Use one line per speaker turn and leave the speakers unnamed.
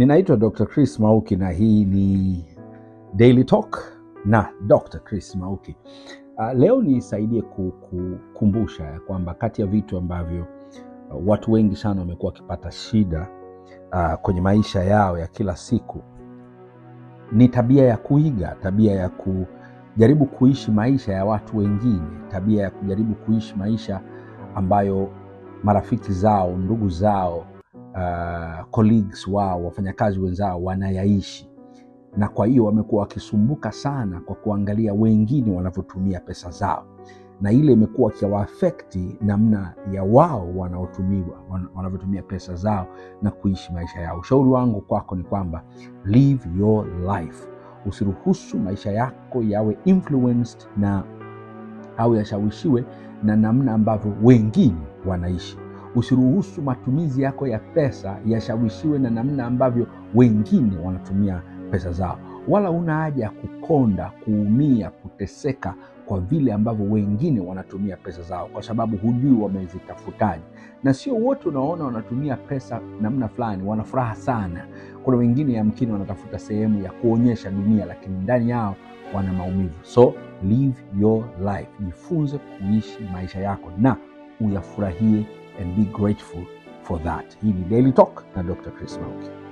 Ninaitwa Dr. Chris Mauki na hii ni Daily Talk na Dr. Chris Mauki. Uh, leo nisaidie kukumbusha ya kwamba kati ya vitu ambavyo uh, watu wengi sana wamekuwa wakipata shida uh, kwenye maisha yao ya kila siku ni tabia ya kuiga, tabia ya kujaribu kuishi maisha ya watu wengine, tabia ya kujaribu kuishi maisha ambayo marafiki zao, ndugu zao uh, colleagues wao wafanyakazi wenzao wanayaishi, na kwa hiyo wamekuwa wakisumbuka sana kwa kuangalia wengine wanavyotumia pesa zao, na ile imekuwa wakiawaafekti namna ya wao wanaotumiwa wanavyotumia pesa zao na kuishi maisha yao. Ushauri wangu kwako ni kwamba live your life, usiruhusu maisha yako yawe influenced na au yashawishiwe na namna ambavyo wengine wanaishi. Usiruhusu matumizi yako ya pesa yashawishiwe na namna ambavyo wengine wanatumia pesa zao, wala una haja ya kukonda, kuumia, kuteseka kwa vile ambavyo wengine wanatumia pesa zao, kwa sababu hujui wamezitafutaji Na sio wote unaona wanatumia pesa namna fulani wana furaha sana. Kuna wengine yamkini wanatafuta sehemu ya kuonyesha dunia, lakini ndani yao wana maumivu. So live your life, jifunze kuishi maisha yako na uyafurahie and be grateful for that. Healy Daily Talk na Dr. Chris Mauki.